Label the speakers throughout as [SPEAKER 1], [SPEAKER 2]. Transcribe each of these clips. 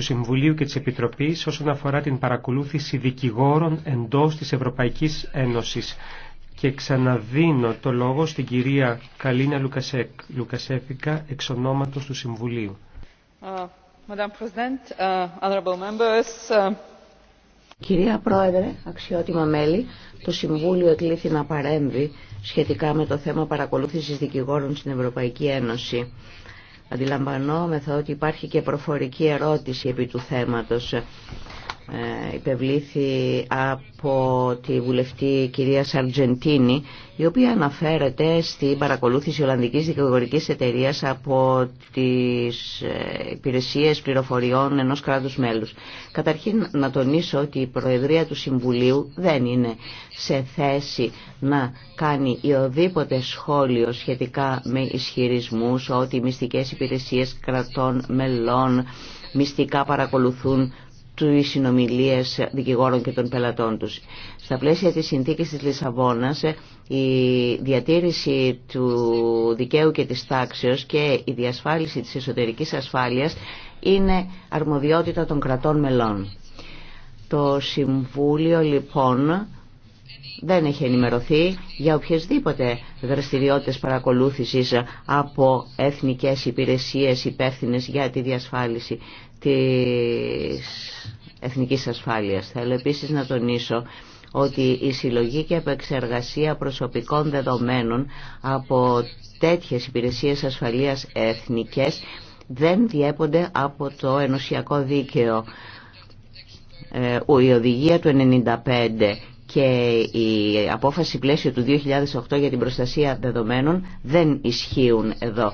[SPEAKER 1] του Συμβουλίου και της Επιτροπής όσον αφορά την παρακολούθηση δικηγόρων εντός της Ευρωπαϊκής Ένωσης. Και ξαναδίνω το λόγο στην κυρία Καλίνα Λουκασέφικα, εξ ονόματος του Συμβουλίου.
[SPEAKER 2] Uh, uh,
[SPEAKER 3] uh, κυρία Πρόεδρε, αξιότιμα μέλη, το Συμβούλιο εκλήθη να παρέμβει σχετικά με το θέμα παρακολούθησης δικηγόρων στην Ευρωπαϊκή Ένωση. Αντιλαμβανόμεθα ότι υπάρχει και προφορική ερώτηση επί του θέματος. Ε, υπευλήθη από τη βουλευτή κυρία Σαρτζεντίνη η οποία αναφέρεται στην παρακολούθηση Ολλανδικής Δικαιογορικής Εταιρείας από τις ε, υπηρεσίες πληροφοριών ενός κράτους μέλους. Καταρχήν να τονίσω ότι η Προεδρία του Συμβουλίου δεν είναι σε θέση να κάνει οδήποτε σχόλιο σχετικά με ισχυρισμούς ότι οι μυστικές υπηρεσίες κρατών μελών μυστικά παρακολουθούν του συνομιλία δικηγόρων και των πελατών τους. Στα πλαίσια της συνθήκη τη Λισαβόνας, η διατήρηση του δικαίου και της τάξεως και η διασφάλιση της εσωτερικής ασφάλειας είναι αρμοδιότητα των κρατών μελών. Το Συμβούλιο λοιπόν δεν έχει ενημερωθεί για οποιασδήποτε δραστηριότητες παρακολούθησης από εθνικές υπηρεσίες υπεύθυνε για τη διασφάλιση της εθνικής ασφάλειας. Θέλω επίσης να τονίσω ότι η συλλογή και επεξεργασία προσωπικών δεδομένων από τέτοιες υπηρεσίες ασφαλείας εθνικές δεν διέπονται από το ενωσιακό δίκαιο. Ε, η οδηγία του 95 και η απόφαση πλαίσιο του 2008 για την προστασία δεδομένων δεν ισχύουν εδώ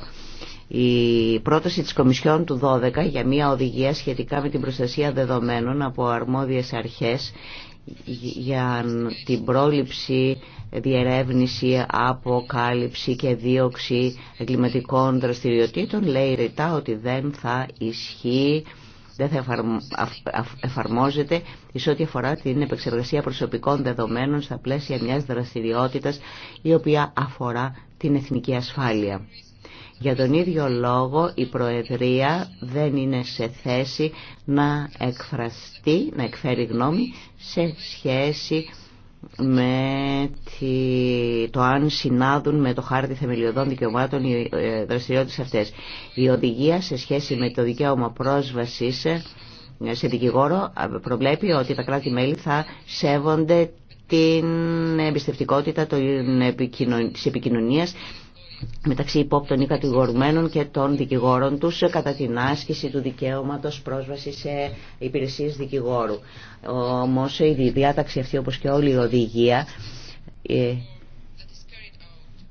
[SPEAKER 3] η πρόταση της Κομισιόν του 12 για μια οδηγία σχετικά με την προστασία δεδομένων από αρμόδιες αρχές για την πρόληψη, διερεύνηση, αποκάλυψη και δίωξη εγκληματικών δραστηριοτήτων λέει ρητά ότι δεν θα ισχύει δεν θα εφαρμόζεται εις ό,τι αφορά την επεξεργασία προσωπικών δεδομένων στα πλαίσια μιας δραστηριότητας η οποία αφορά την εθνική ασφάλεια. Για τον ίδιο λόγο η Προεδρία δεν είναι σε θέση να εκφραστεί, να εκφέρει γνώμη σε σχέση με το αν συνάδουν με το χάρτη θεμελιωδών δικαιωμάτων οι ε, δραστηριότητες αυτές. Η οδηγία σε σχέση με το δικαίωμα πρόσβασης ε, σε δικηγόρο ε, προβλέπει ότι τα κράτη-μέλη θα σέβονται την εμπιστευτικότητα της επικοινωνίας μεταξύ υπόπτων ή κατηγορουμένων και των δικηγόρων τους κατά την άσκηση του δικαίωματος πρόσβαση σε υπηρεσίες δικηγόρου. Όμως η διάταξη αυτή όπως και όλη η οδηγία ε,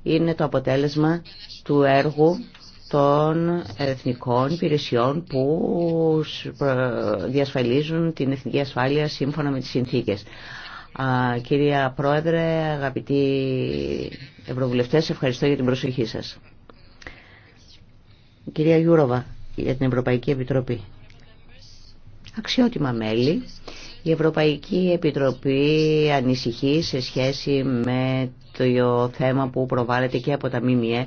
[SPEAKER 3] είναι το αποτέλεσμα του έργου των εθνικών υπηρεσιών που διασφαλίζουν την εθνική ασφάλεια σύμφωνα με τις συνθήκες. Κυρία Πρόεδρε, αγαπητοί Ευρωβουλευτές, ευχαριστώ για την προσοχή σας. Κυρία Γιούροβα, για την Ευρωπαϊκή Επιτροπή. Αξιότιμα μέλη, η Ευρωπαϊκή Επιτροπή ανησυχεί σε σχέση με το θέμα που προβάλλεται και από τα ΜΜΕ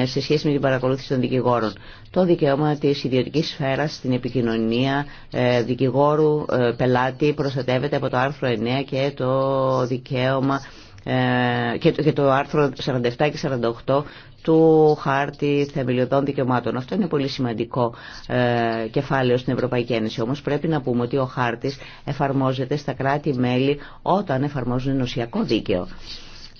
[SPEAKER 3] ε, σε σχέση με την παρακολούθηση των δικηγόρων. Το δικαίωμα της ιδιωτικής σφαίρας στην επικοινωνία ε, δικηγόρου ε, πελάτη προστατεύεται από το άρθρο 9 και το δικαίωμα ε, και το άρθρο 47 και 48 του Χάρτη Θεμελιωδών Δικαιωμάτων. Αυτό είναι πολύ σημαντικό ε, κεφάλαιο στην Ευρωπαϊκή Ένωση. Όμως πρέπει να πούμε ότι ο χάρτης εφαρμόζεται στα κράτη-μέλη όταν εφαρμόζουν ενωσιακό δίκαιο.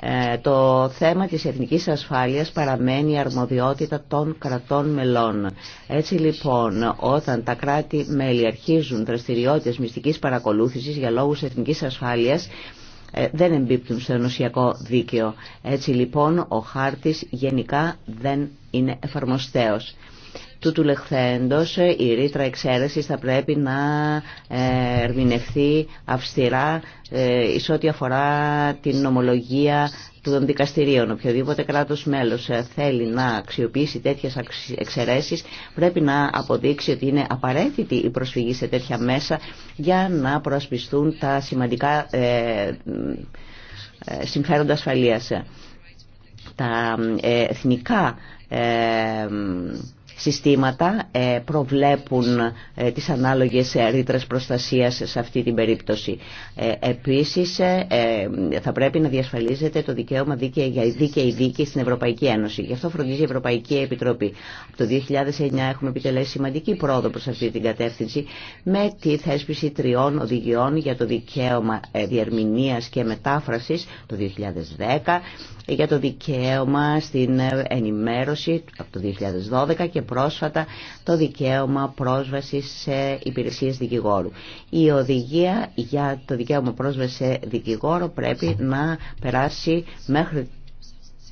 [SPEAKER 3] Ε, το θέμα της εθνικής ασφάλειας παραμένει η αρμοδιότητα των κρατών μελών. Έτσι λοιπόν, όταν τα κράτη-μέλη αρχίζουν δραστηριότητες μυστικής παρακολούθησης για λόγους εθνικής ασφάλειας, ε, δεν εμπίπτουν στο ενωσιακό δίκαιο. Έτσι λοιπόν ο χάρτης γενικά δεν είναι εφαρμοστέος. Τούτου λεχθέντος η ρήτρα εξαίρεσης θα πρέπει να ε, ερμηνευθεί αυστηρά ε, εις ό,τι αφορά την νομολογία των δικαστηρίων. Οποιοδήποτε κράτος μέλος ε, θέλει να αξιοποιήσει τέτοιες εξαιρεσει, πρέπει να αποδείξει ότι είναι απαραίτητη η προσφυγή σε τέτοια μέσα για να προασπιστούν τα σημαντικά ε, ε, συμφέροντα ασφαλείας. Τα εθνικά συστήματα ε, προβλέπουν ε, τις ανάλογες ε, ρήτρες προστασίας σε αυτή την περίπτωση. Επίσης θα πρέπει να διασφαλίζεται το δικαίωμα δίκαιη για δίκαιη δίκη στην Ευρωπαϊκή Ένωση. Γι' αυτό φροντίζει η Ευρωπαϊκή Επιτροπή. Από το 2009 έχουμε επιτελέσει σημαντική πρόοδο προς αυτή την κατεύθυνση με τη θέσπιση τριών οδηγιών για το δικαίωμα διερμηνίας και μετάφρασης το 2010 για το δικαίωμα στην ενημέρωση από το 2012 και πρόσφατα το δικαίωμα πρόσβασης σε υπηρεσίες δικηγόρου. Η οδηγία για το δικαίωμα πρόσβαση σε δικηγόρο πρέπει να περάσει μέχρι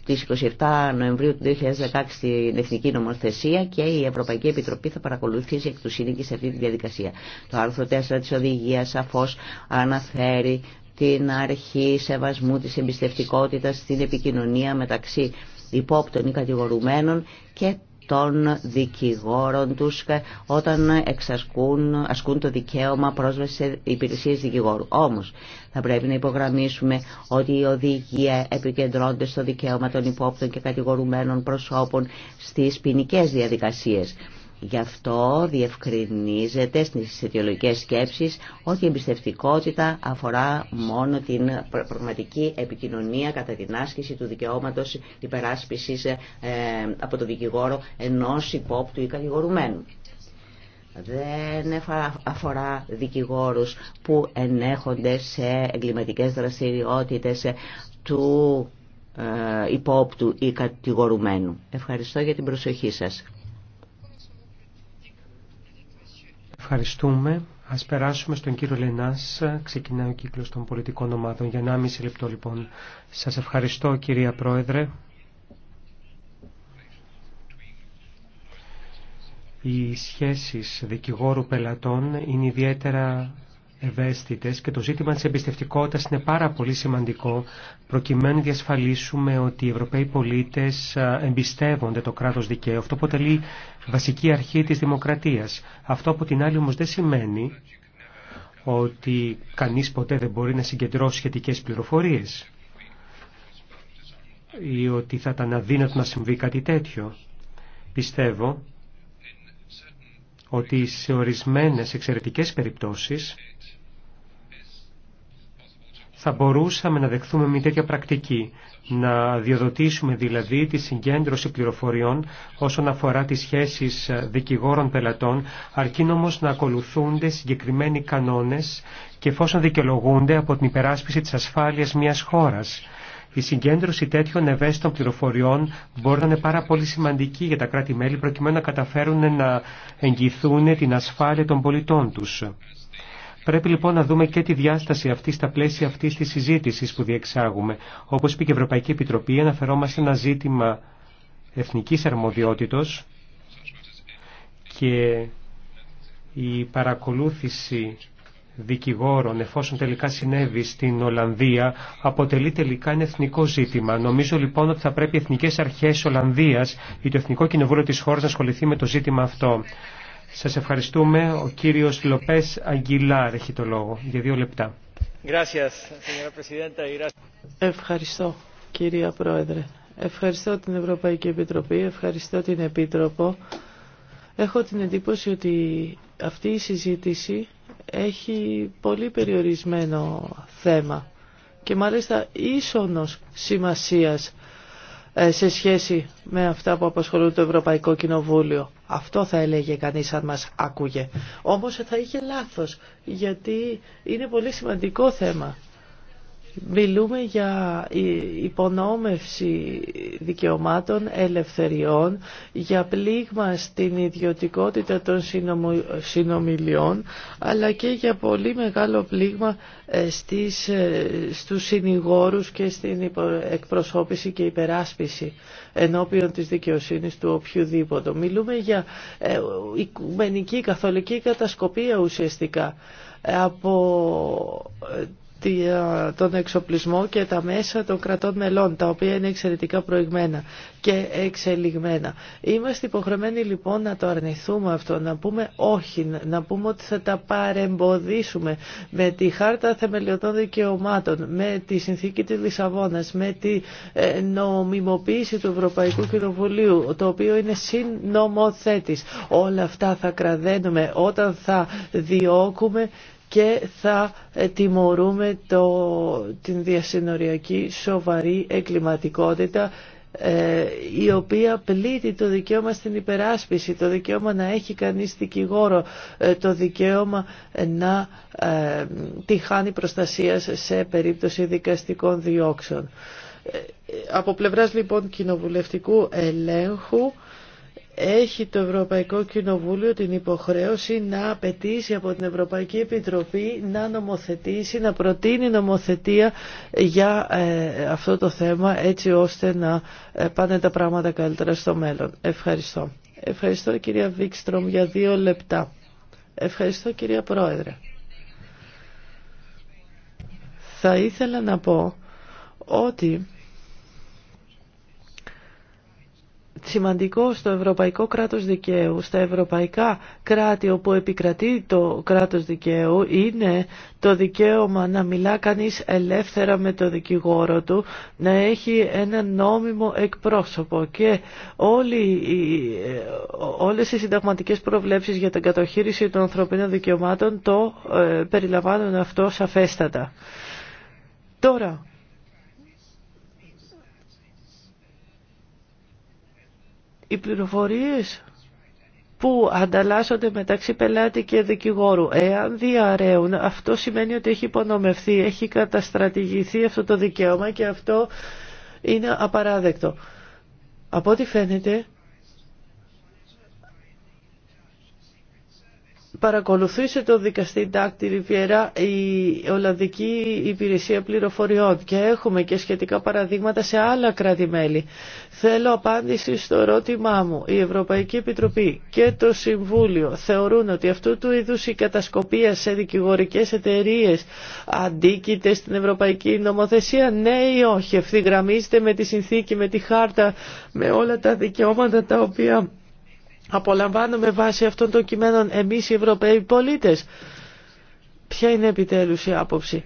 [SPEAKER 3] τις 27 Νοεμβρίου του 2016 στην Εθνική Νομοθεσία και η Ευρωπαϊκή Επιτροπή θα παρακολουθήσει εκ του σε αυτή τη διαδικασία. Το άρθρο 4 της οδηγίας σαφώς αναφέρει την αρχή σεβασμού της εμπιστευτικότητας στην επικοινωνία μεταξύ υπόπτων ή κατηγορουμένων και των δικηγόρων τους όταν εξασκούν, ασκούν το δικαίωμα πρόσβαση σε υπηρεσίες δικηγόρου. Όμως θα πρέπει να υπογραμμίσουμε ότι η οδηγία επικεντρώνεται στο δικαίωμα των υπόπτων και κατηγορουμένων προσώπων στις ποινικέ διαδικασίες. Γι' αυτό διευκρινίζεται στις αιτιολογικές σκέψεις ότι η εμπιστευτικότητα αφορά μόνο την πραγματική επικοινωνία κατά την άσκηση του δικαιώματος υπεράσπισης ε, από τον δικηγόρο ενός υπόπτου ή κατηγορουμένου. Δεν αφορά δικηγόρους που ενέχονται σε εγκληματικές δραστηριότητες του ε, υπόπτου ή κατηγορουμένου. Ευχαριστώ για την προσοχή σας.
[SPEAKER 1] Ευχαριστούμε. Ας περάσουμε στον κύριο Λενάς. Ξεκινάει ο κύκλος των πολιτικών ομάδων. Για 1,5 λεπτό λοιπόν. Σας ευχαριστώ κυρία Πρόεδρε. Οι σχέσεις δικηγόρου πελατών είναι ιδιαίτερα και το ζήτημα της εμπιστευτικότητας είναι πάρα πολύ σημαντικό προκειμένου να διασφαλίσουμε ότι οι Ευρωπαίοι πολίτες εμπιστεύονται το κράτος δικαίου. Αυτό αποτελεί βασική αρχή της δημοκρατίας. Αυτό από την άλλη όμως δεν σημαίνει ότι κανείς ποτέ δεν μπορεί να συγκεντρώσει σχετικές πληροφορίες ή ότι θα ήταν αδύνατο να συμβεί κάτι τέτοιο. Πιστεύω ότι σε ορισμένες εξαιρετικές περιπτώσεις θα μπορούσαμε να δεχθούμε μια τέτοια πρακτική, να διοδοτήσουμε δηλαδή τη συγκέντρωση πληροφοριών όσον αφορά τις σχέσεις ε, δικηγόρων πελατών, αρκεί όμως να ακολουθούνται συγκεκριμένοι κανόνες και εφόσον δικαιολογούνται από την υπεράσπιση της ασφάλειας μιας χώρας. Η συγκέντρωση τέτοιων ευαίσθητων πληροφοριών μπορεί να είναι πάρα πολύ σημαντική για τα κράτη-μέλη προκειμένου να καταφέρουν να εγγυηθούν την ασφάλεια των πολιτών τους. Πρέπει λοιπόν να δούμε και τη διάσταση αυτή στα πλαίσια αυτή τη συζήτηση που διεξάγουμε. Όπω είπε και η Ευρωπαϊκή Επιτροπή, αναφερόμαστε ένα ζήτημα εθνική αρμοδιότητο και η παρακολούθηση δικηγόρων, εφόσον τελικά συνέβη στην Ολλανδία, αποτελεί τελικά ένα εθνικό ζήτημα. Νομίζω λοιπόν ότι θα πρέπει οι εθνικές αρχές Ολλανδίας ή το Εθνικό Κοινοβούλιο της χώρας να ασχοληθεί με το ζήτημα αυτό. Σας ευχαριστούμε. Ο κύριος Λοπές Αγγιλάρ έχει το λόγο για δύο λεπτά.
[SPEAKER 2] Ευχαριστώ κυρία Πρόεδρε. Ευχαριστώ την Ευρωπαϊκή Επιτροπή, ευχαριστώ την Επίτροπο. Έχω την εντύπωση ότι αυτή η συζήτηση έχει πολύ περιορισμένο θέμα και μάλιστα ίσονος σημασίας ε, σε σχέση με αυτά που απασχολούν το Ευρωπαϊκό Κοινοβούλιο. Αυτό θα έλεγε κανείς αν μας άκουγε. Όμως θα είχε λάθος, γιατί είναι πολύ σημαντικό θέμα. Μιλούμε για υπονόμευση δικαιωμάτων, ελευθεριών, για πλήγμα στην ιδιωτικότητα των συνομιλιών, αλλά και για πολύ μεγάλο πλήγμα ε, στις, ε, στους συνηγόρους και στην εκπροσώπηση και υπεράσπιση ενώπιον της δικαιοσύνης του οποιοδήποτε. Μιλούμε για ε, οικουμενική καθολική κατασκοπία ουσιαστικά από ε, τον εξοπλισμό και τα μέσα των κρατών μελών, τα οποία είναι εξαιρετικά προηγμένα και εξελιγμένα. Είμαστε υποχρεωμένοι λοιπόν να το αρνηθούμε αυτό, να πούμε όχι, να πούμε ότι θα τα παρεμποδίσουμε με τη Χάρτα Θεμελιωτών Δικαιωμάτων, με τη Συνθήκη της Λισαβόνας, με τη ε, νομιμοποίηση του Ευρωπαϊκού Κοινοβουλίου, το οποίο είναι συνομοθέτης. Όλα αυτά θα κραδένουμε όταν θα διώκουμε και θα τιμωρούμε το, την διασυνοριακή σοβαρή εγκληματικότητα ε, η οποία πλήττει το δικαίωμα στην υπεράσπιση, το δικαίωμα να έχει κανείς δικηγόρο, ε, το δικαίωμα να ε, τη χάνει προστασίας σε περίπτωση δικαστικών διώξεων. Ε, από πλευράς λοιπόν κοινοβουλευτικού ελέγχου έχει το Ευρωπαϊκό Κοινοβούλιο την υποχρέωση να απαιτήσει από την Ευρωπαϊκή Επιτροπή να νομοθετήσει, να προτείνει νομοθετία για ε, αυτό το θέμα έτσι ώστε να ε, πάνε τα πράγματα καλύτερα στο μέλλον. Ευχαριστώ. Ευχαριστώ κυρία Βίξτρομ για δύο λεπτά. Ευχαριστώ κυρία Πρόεδρε. Θα ήθελα να πω ότι σημαντικό στο ευρωπαϊκό κράτος δικαίου, στα ευρωπαϊκά κράτη όπου επικρατεί το κράτος δικαίου είναι το δικαίωμα να μιλά κανείς ελεύθερα με το δικηγόρο του, να έχει ένα νόμιμο εκπρόσωπο και όλοι οι, όλες οι συνταγματικές προβλέψεις για την κατοχήρηση των ανθρωπίνων δικαιωμάτων το ε, περιλαμβάνουν αυτό σαφέστατα. Τώρα, οι πληροφορίες που ανταλλάσσονται μεταξύ πελάτη και δικηγόρου, εάν διαραίουν, αυτό σημαίνει ότι έχει υπονομευθεί, έχει καταστρατηγηθεί αυτό το δικαίωμα και αυτό είναι απαράδεκτο. Από ό,τι φαίνεται, παρακολουθούσε το δικαστή Ντάκτη Ριβιέρα η Ολλανδική Υπηρεσία Πληροφοριών και έχουμε και σχετικά παραδείγματα σε άλλα κράτη-μέλη. Θέλω απάντηση στο ερώτημά μου. Η Ευρωπαϊκή Επιτροπή και το Συμβούλιο θεωρούν ότι αυτού του είδους η κατασκοπία σε δικηγορικές εταιρείε αντίκειται στην Ευρωπαϊκή Νομοθεσία, ναι ή όχι, ευθυγραμμίζεται με τη συνθήκη, με τη χάρτα, με όλα τα δικαιώματα τα οποία απολαμβάνουμε βάσει αυτών των κειμένων εμείς οι Ευρωπαίοι πολίτες. Ποια είναι επιτέλους η άποψη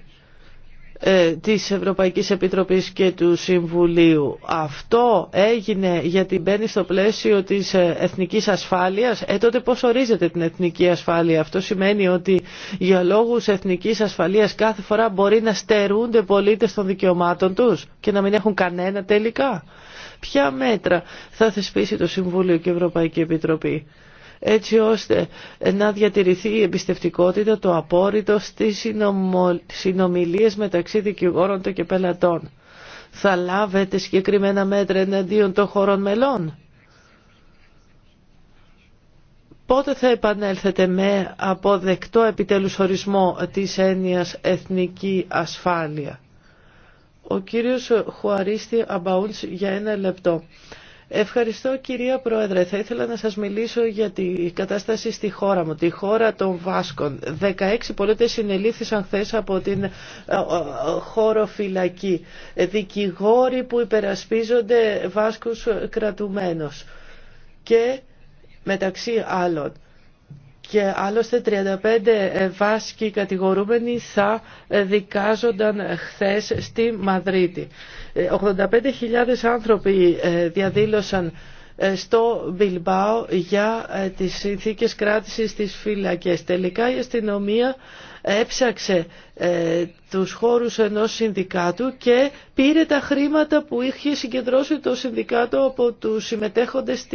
[SPEAKER 2] ε, της Ευρωπαϊκής Επιτροπής και του Συμβουλίου. Αυτό έγινε γιατί μπαίνει στο πλαίσιο της ε, εθνικής ασφάλειας. Ε, τότε πώς ορίζεται την εθνική ασφάλεια. Αυτό σημαίνει ότι για λόγους εθνικής ασφαλείας κάθε φορά μπορεί να στερούνται πολίτες των δικαιωμάτων τους και να μην έχουν κανένα τελικά ποια μέτρα θα θεσπίσει το Συμβούλιο και η Ευρωπαϊκή Επιτροπή έτσι ώστε να διατηρηθεί η εμπιστευτικότητα, το απόρριτο στις συνομιλίες μεταξύ δικηγόρων των και πελατών. Θα λάβετε συγκεκριμένα μέτρα εναντίον των χωρών μελών. Πότε θα επανέλθετε με αποδεκτό επιτέλους ορισμό της έννοιας εθνική ασφάλεια ο κύριος Χουαρίστη Αμπαούντς για ένα λεπτό. Ευχαριστώ κυρία Πρόεδρε. Θα ήθελα να σας μιλήσω για τη κατάσταση στη χώρα μου, τη χώρα των Βάσκων. 16 πολίτες συνελήφθησαν χθε από την ε, χώρο φυλακή. Δικηγόροι που υπερασπίζονται Βάσκους κρατουμένους. Και μεταξύ άλλων και άλλωστε 35 ε, βάσκοι κατηγορούμενοι θα ε, δικάζονταν χθες στη Μαδρίτη. 85.000 ε, άνθρωποι διαδήλωσαν στο Μπιλμπάο για τις συνθήκες κράτησης στις φυλακές. Τελικά η αστυνομία έψαξε ε, τους χώρους ενός συνδικάτου και πήρε τα χρήματα που είχε συγκεντρώσει το συνδικάτο από τους συμμετέχοντες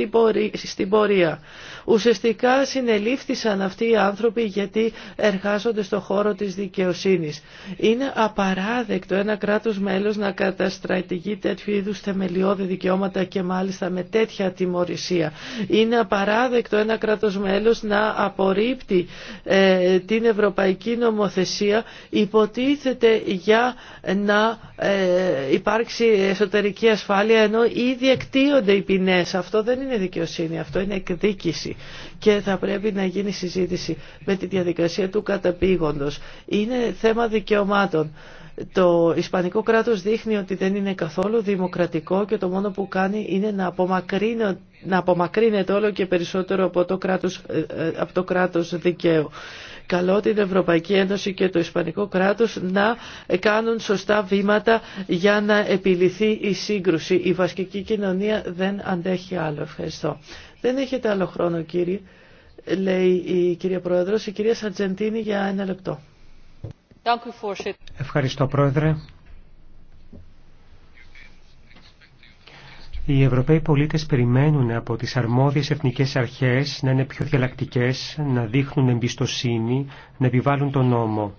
[SPEAKER 2] στην πορεία. Ουσιαστικά συνελήφθησαν αυτοί οι άνθρωποι γιατί εργάζονται στον χώρο της δικαιοσύνης. Είναι απαράδεκτο ένα κράτος μέλος να καταστρατηγεί τέτοιου είδους θεμελιώδη δικαιώματα και μάλιστα με τέτοια τιμωρησία. Είναι απαράδεκτο ένα κράτος μέλος να απορρίπτει ε, την ευρωπαϊκή νομοθεσία υποτίθεται για να ε, υπάρξει εσωτερική ασφάλεια ενώ ήδη εκτίονται οι ποινές. Αυτό δεν είναι δικαιοσύνη, αυτό είναι εκδίκηση και θα πρέπει να γίνει συζήτηση με τη διαδικασία του καταπήγοντος. Είναι θέμα δικαιωμάτων. Το Ισπανικό κράτος δείχνει ότι δεν είναι καθόλου δημοκρατικό και το μόνο που κάνει είναι να, να απομακρύνεται όλο και περισσότερο από το κράτος, ε, ε, από το κράτος δικαίου. Καλό την Ευρωπαϊκή Ένωση και το Ισπανικό κράτος να κάνουν σωστά βήματα για να επιληθεί η σύγκρουση. Η βασική κοινωνία δεν αντέχει άλλο. Ευχαριστώ. Δεν έχετε άλλο χρόνο κύριε, λέει η κυρία Πρόεδρος. Η κυρία Σαρτζεντίνη για ένα λεπτό.
[SPEAKER 1] Ευχαριστώ Πρόεδρε. Οι Ευρωπαίοι πολίτες περιμένουν από τις αρμόδιες εθνικές αρχές να είναι πιο διαλλακτικές, να δείχνουν εμπιστοσύνη, να επιβάλλουν τον νόμο.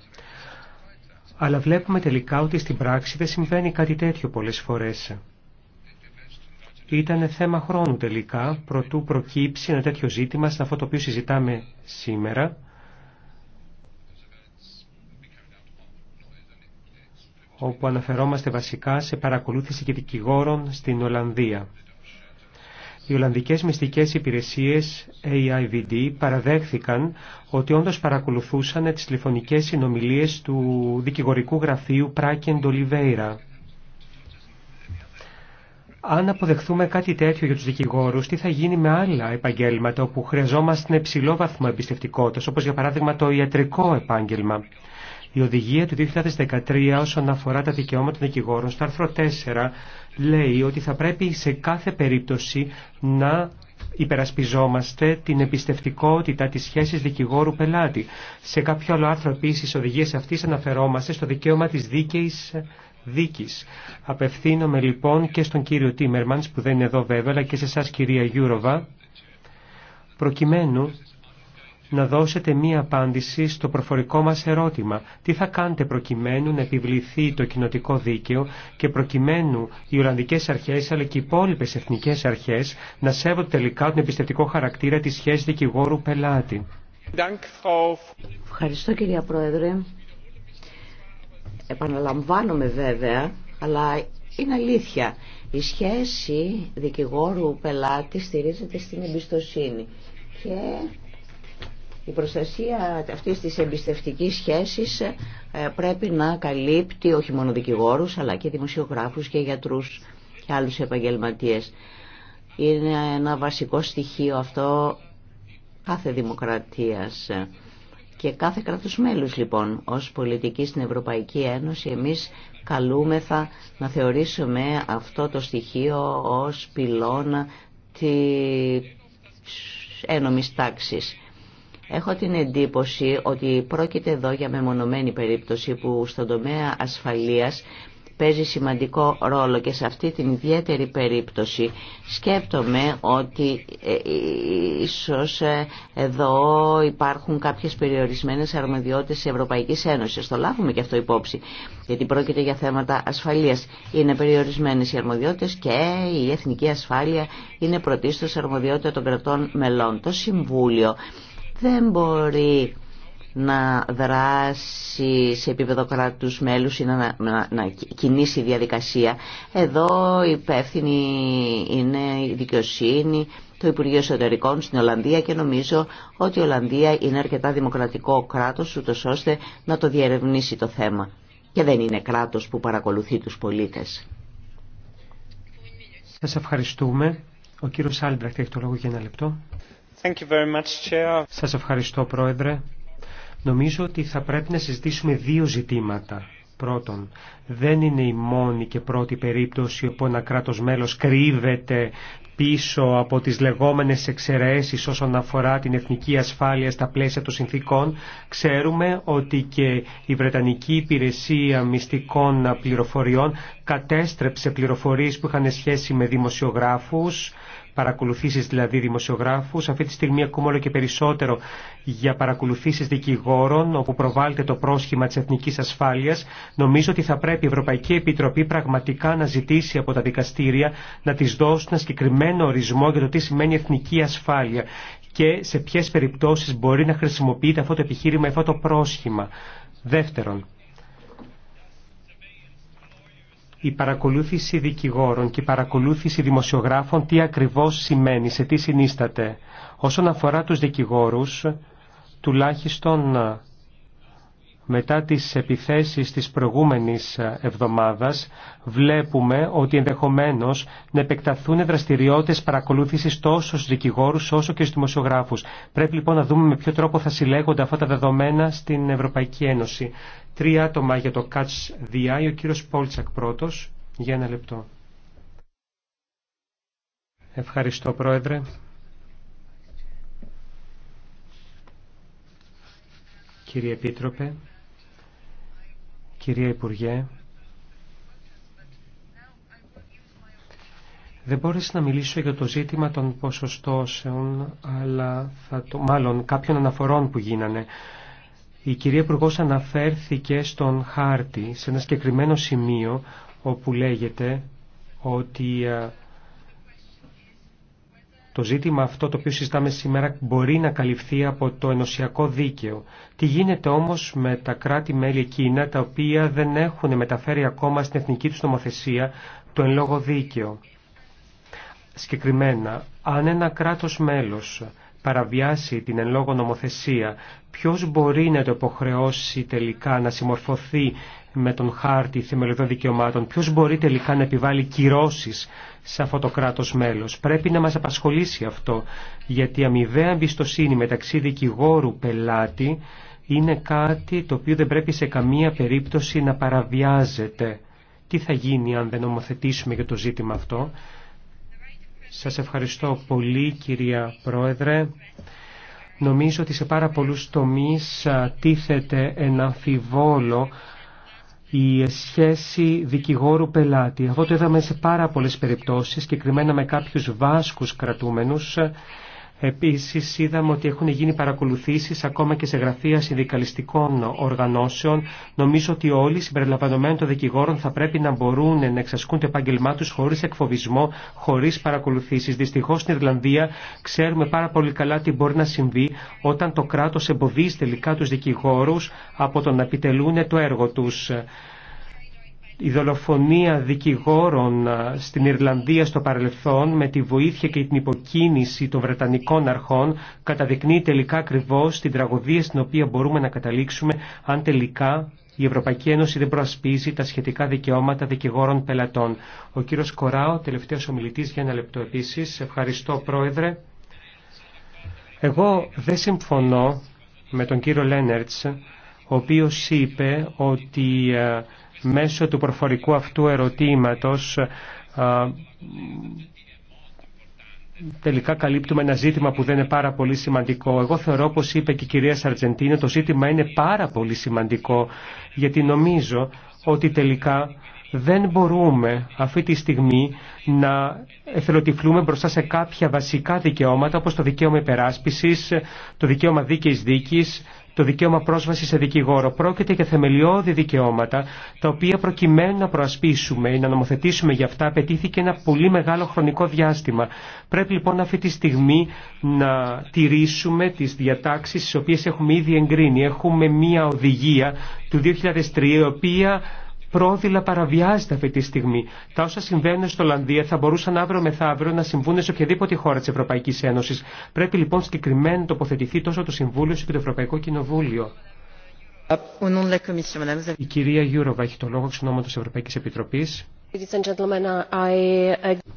[SPEAKER 1] Αλλά βλέπουμε τελικά ότι στην πράξη δεν συμβαίνει κάτι τέτοιο πολλές φορές. Ήταν θέμα χρόνου τελικά, προτού προκύψει ένα τέτοιο ζήτημα σε αυτό το οποίο συζητάμε σήμερα όπου αναφερόμαστε βασικά σε παρακολούθηση και δικηγόρων στην Ολλανδία. Οι Ολλανδικές Μυστικές Υπηρεσίες AIVD παραδέχθηκαν ότι όντως παρακολουθούσαν τις τηλεφωνικές συνομιλίες του δικηγορικού γραφείου Πράκεν Ντολιβέιρα. Αν αποδεχθούμε κάτι τέτοιο για τους δικηγόρους, τι θα γίνει με άλλα επαγγέλματα όπου χρειαζόμαστε υψηλό βαθμό εμπιστευτικότητας, όπως για παράδειγμα το ιατρικό επάγγελμα. Η οδηγία του 2013 όσον αφορά τα δικαιώματα των δικηγόρων στο άρθρο 4 λέει ότι θα πρέπει σε κάθε περίπτωση να υπερασπιζόμαστε την εμπιστευτικότητα της σχέσης δικηγόρου-πελάτη. Σε κάποιο άλλο άρθρο επίσης οδηγίες αυτής αναφερόμαστε στο δικαίωμα της δίκαιης δίκης. Απευθύνομαι λοιπόν και στον κύριο Τίμερμαντς, που δεν είναι εδώ βέβαια αλλά και σε εσά κυρία Γιούροβα προκειμένου να δώσετε μία απάντηση στο προφορικό μας ερώτημα. Τι θα κάνετε προκειμένου να επιβληθεί το κοινοτικό δίκαιο και προκειμένου οι Ολλανδικές αρχές αλλά και οι υπόλοιπε εθνικές αρχές να σέβονται τελικά τον εμπιστευτικό χαρακτήρα της σχέσης δικηγόρου-πελάτη.
[SPEAKER 3] Ευχαριστώ κυρία Πρόεδρε. Επαναλαμβάνομαι βέβαια, αλλά είναι αλήθεια. Η σχέση δικηγόρου-πελάτη στηρίζεται στην εμπιστοσύνη. Και η προστασία αυτή της εμπιστευτικής σχέσης ε, πρέπει να καλύπτει όχι μόνο δικηγόρους αλλά και δημοσιογράφους και γιατρούς και άλλους επαγγελματίες. Είναι ένα βασικό στοιχείο αυτό κάθε δημοκρατίας και κάθε κράτος μέλους λοιπόν ως πολιτικοί στην Ευρωπαϊκή Ένωση εμείς καλούμεθα να θεωρήσουμε αυτό το στοιχείο ως πυλώνα της ένομης τάξης. Έχω την εντύπωση ότι πρόκειται εδώ για μεμονωμένη περίπτωση που στον τομέα ασφαλείας παίζει σημαντικό ρόλο και σε αυτή την ιδιαίτερη περίπτωση σκέπτομαι ότι ε, ε, ίσως ε, εδώ υπάρχουν κάποιες περιορισμένες αρμοδιότητες της Ευρωπαϊκής Ένωσης. Το λάβουμε και αυτό υπόψη, γιατί πρόκειται για θέματα ασφαλείας. Είναι περιορισμένες οι αρμοδιότητες και η εθνική ασφάλεια είναι πρωτίστως αρμοδιότητα των κρατών μελών. Το Συμβούλιο δεν μπορεί να δράσει σε επίπεδο κράτους μέλους ή να, να, να, κινήσει διαδικασία. Εδώ υπεύθυνη είναι η δικαιοσύνη, το Υπουργείο Εσωτερικών στην Ολλανδία και νομίζω ότι η Ολλανδία είναι αρκετά δημοκρατικό κράτος ούτως ώστε να το διερευνήσει το θέμα. Και δεν είναι κράτος που παρακολουθεί τους πολίτες.
[SPEAKER 1] Σας ευχαριστούμε. Ο κύριος Άλμπρακτ έχει το λόγο για ένα λεπτό. Thank Σας ευχαριστώ Πρόεδρε. Νομίζω ότι θα πρέπει να συζητήσουμε δύο ζητήματα. Πρώτον, δεν είναι η μόνη και πρώτη περίπτωση όπου ένα κράτος μέλος κρύβεται πίσω από τις λεγόμενες εξαιρέσεις όσον αφορά την εθνική ασφάλεια στα πλαίσια των συνθήκων, ξέρουμε ότι και η Βρετανική Υπηρεσία Μυστικών Πληροφοριών κατέστρεψε πληροφορίες που είχαν σχέση με δημοσιογράφους, παρακολουθήσεις δηλαδή δημοσιογράφους, αυτή τη στιγμή ακούμε όλο και περισσότερο για παρακολουθήσεις δικηγόρων, όπου προβάλλεται το πρόσχημα της εθνικής ασφάλειας. Νομίζω ότι θα πρέπει η Ευρωπαϊκή Επιτροπή πραγματικά να ζητήσει από τα δικαστήρια να της δώσουν ένα συγκεκριμένο ορισμό για το τι σημαίνει εθνική ασφάλεια και σε ποιες περιπτώσεις μπορεί να χρησιμοποιείται αυτό το επιχείρημα, αυτό το πρόσχημα. Δεύτερον, η παρακολούθηση δικηγόρων και η παρακολούθηση δημοσιογράφων τι ακριβώς σημαίνει, σε τι συνίσταται. Όσον αφορά τους δικηγόρους, τουλάχιστον μετά τις επιθέσεις της προηγούμενης εβδομάδας βλέπουμε ότι ενδεχομένως να επεκταθούν δραστηριότητες παρακολούθησης τόσο στους δικηγόρους όσο και στους δημοσιογράφους. Πρέπει λοιπόν να δούμε με ποιο τρόπο θα συλλέγονται αυτά τα δεδομένα στην Ευρωπαϊκή Ένωση. Τρία άτομα για το Catch the Eye, ο κύριος Πόλτσακ πρώτος, για ένα λεπτό. Ευχαριστώ Πρόεδρε. Κύριε Επίτροπε, Κυρία Υπουργέ, δεν μπόρεσα να μιλήσω για το ζήτημα των ποσοστώσεων, αλλά θα το, μάλλον κάποιων αναφορών που γίνανε. Η κυρία Υπουργός αναφέρθηκε στον χάρτη, σε ένα συγκεκριμένο σημείο, όπου λέγεται ότι ε, το ζήτημα αυτό το οποίο συζητάμε σήμερα μπορεί να καλυφθεί από το ενωσιακό δίκαιο. Τι γίνεται όμως με τα κράτη-μέλη εκείνα τα οποία δεν έχουν μεταφέρει ακόμα στην εθνική τους νομοθεσία το εν λόγω δίκαιο. Συγκεκριμένα, αν ένα κράτος μέλος παραβιάσει την εν λόγω νομοθεσία, ποιος μπορεί να το υποχρεώσει τελικά να συμμορφωθεί με τον χάρτη θεμελιωδών δικαιωμάτων, ποιος μπορεί τελικά να επιβάλλει κυρώσεις σε αυτό το κράτος μέλος. Πρέπει να μας απασχολήσει αυτό, γιατί η αμοιβαία εμπιστοσύνη μεταξύ δικηγόρου πελάτη είναι κάτι το οποίο δεν πρέπει σε καμία περίπτωση να παραβιάζεται. Τι θα γίνει αν δεν νομοθετήσουμε για το ζήτημα αυτό. Σας ευχαριστώ πολύ κυρία Πρόεδρε. Νομίζω ότι σε πάρα πολλούς τομείς τίθεται ένα αμφιβόλο η σχέση δικηγόρου-πελάτη. Αυτό το είδαμε σε πάρα πολλές περιπτώσεις, συγκεκριμένα με κάποιους βάσκους κρατούμενους, Επίσης είδαμε ότι έχουν γίνει παρακολουθήσεις ακόμα και σε γραφεία συνδικαλιστικών οργανώσεων. Νομίζω ότι όλοι συμπεριλαμβανομένων των δικηγόρων θα πρέπει να μπορούν να εξασκούν το επάγγελμά τους χωρίς εκφοβισμό, χωρίς παρακολουθήσεις. Δυστυχώς στην Ιρλανδία ξέρουμε πάρα πολύ καλά τι μπορεί να συμβεί όταν το κράτος εμποδίζει τελικά τους δικηγόρους από το να επιτελούν το έργο τους η δολοφονία δικηγόρων στην Ιρλανδία στο παρελθόν με τη βοήθεια και την υποκίνηση των Βρετανικών αρχών καταδεικνύει τελικά ακριβώ την τραγωδία στην οποία μπορούμε να καταλήξουμε αν τελικά η Ευρωπαϊκή Ένωση δεν προασπίζει τα σχετικά δικαιώματα δικηγόρων πελατών. Ο κύριος Κοράο, τελευταίος ομιλητής για ένα λεπτό επίσης. Ευχαριστώ πρόεδρε. Εγώ δεν συμφωνώ με τον κύριο Λένερτς, ο οποίος είπε ότι μέσω του προφορικού αυτού ερωτήματος τελικά καλύπτουμε ένα ζήτημα που δεν είναι πάρα πολύ σημαντικό. Εγώ θεωρώ, όπως είπε και η κυρία Σαρτζεντίνο, το ζήτημα είναι πάρα πολύ σημαντικό, γιατί νομίζω ότι τελικά δεν μπορούμε αυτή τη στιγμή να εθελοτυφλούμε μπροστά σε κάποια βασικά δικαιώματα όπως το δικαίωμα υπεράσπισης, το δικαίωμα δίκαιης δίκης, το δικαίωμα πρόσβαση σε δικηγόρο. Πρόκειται για θεμελιώδη δικαιώματα, τα οποία προκειμένου να προασπίσουμε ή να νομοθετήσουμε για αυτά, απαιτήθηκε ένα πολύ μεγάλο χρονικό διάστημα. Πρέπει λοιπόν αυτή τη στιγμή να τηρήσουμε τι διατάξει τι οποίε έχουμε ήδη εγκρίνει. Έχουμε μία οδηγία του 2003, η οποία πρόδειλα παραβιάζεται αυτή τη στιγμή. Τα όσα συμβαίνουν στο Ολλανδία θα μπορούσαν αύριο μεθαύριο να συμβούν σε οποιαδήποτε χώρα τη Ευρωπαϊκή Ένωση. Πρέπει λοιπόν συγκεκριμένα να τοποθετηθεί τόσο το Συμβούλιο όσο και το Ευρωπαϊκό Κοινοβούλιο. Η κυρία Γιούροβα έχει το λόγο εξ ονόματο Ευρωπαϊκή Επιτροπή.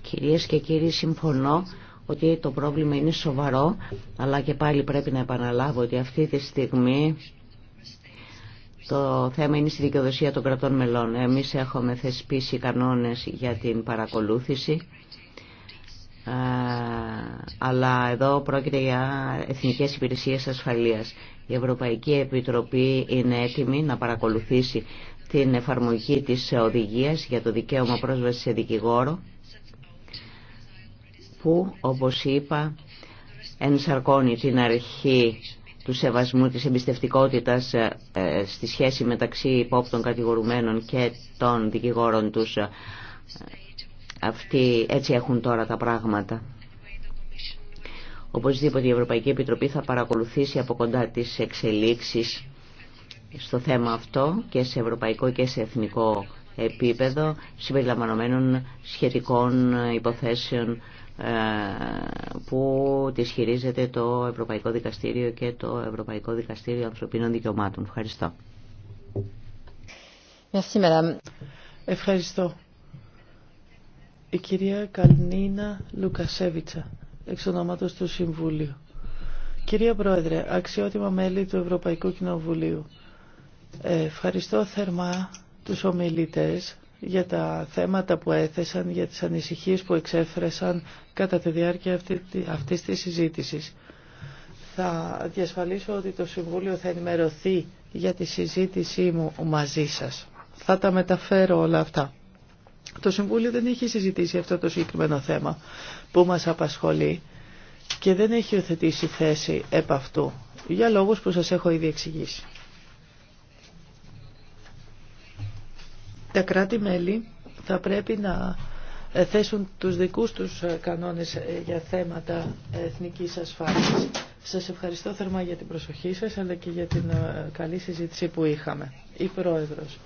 [SPEAKER 3] Κυρίε και κύριοι, συμφωνώ ότι το πρόβλημα είναι σοβαρό, αλλά και πάλι πρέπει να επαναλάβω ότι αυτή τη στιγμή το θέμα είναι στη δικαιοδοσία των κρατών μελών. Εμείς έχουμε θεσπίσει κανόνες για την παρακολούθηση, αλλά εδώ πρόκειται για εθνικές υπηρεσίες ασφαλείας. Η Ευρωπαϊκή Επιτροπή είναι έτοιμη να παρακολουθήσει την εφαρμογή της οδηγίας για το δικαίωμα πρόσβασης σε δικηγόρο, που, όπως είπα, ενσαρκώνει την αρχή του σεβασμού της εμπιστευτικότητας ε, ε, στη σχέση μεταξύ υπόπτων κατηγορουμένων και των δικηγόρων τους. Ε, αυτοί έτσι έχουν τώρα τα πράγματα. Οπωσδήποτε η Ευρωπαϊκή Επιτροπή θα παρακολουθήσει από κοντά τις εξελίξεις στο θέμα αυτό και σε ευρωπαϊκό και σε εθνικό επίπεδο συμπεριλαμβανομένων σχετικών υποθέσεων ε, που τη χειρίζεται το Ευρωπαϊκό Δικαστήριο και το Ευρωπαϊκό Δικαστήριο Ανθρωπίνων Δικαιωμάτων. Ευχαριστώ.
[SPEAKER 2] Ευχαριστώ. Η κυρία Καλνίνα Λουκασέβιτσα, εξ ονόματος του Συμβούλιο. Κυρία Πρόεδρε, αξιότιμα μέλη του Ευρωπαϊκού Κοινοβουλίου, ε, ευχαριστώ θερμά τους ομιλητές για τα θέματα που έθεσαν, για τις ανησυχίες που εξέφρασαν κατά τη διάρκεια αυτή, αυτής της συζήτησης. Θα διασφαλίσω ότι το Συμβούλιο θα ενημερωθεί για τη συζήτησή μου μαζί σας. Θα τα μεταφέρω όλα αυτά. Το Συμβούλιο δεν έχει συζητήσει αυτό το συγκεκριμένο θέμα που μας απασχολεί και δεν έχει οθετήσει θέση επ' αυτού για λόγους που σας έχω ήδη εξηγήσει. τα κράτη-μέλη θα πρέπει να ε, θέσουν τους δικούς τους ε, κανόνες ε, για θέματα εθνικής ασφάλειας. Σας ευχαριστώ θερμά για την προσοχή σας αλλά και για την καλή συζήτηση που είχαμε. Η Πρόεδρος.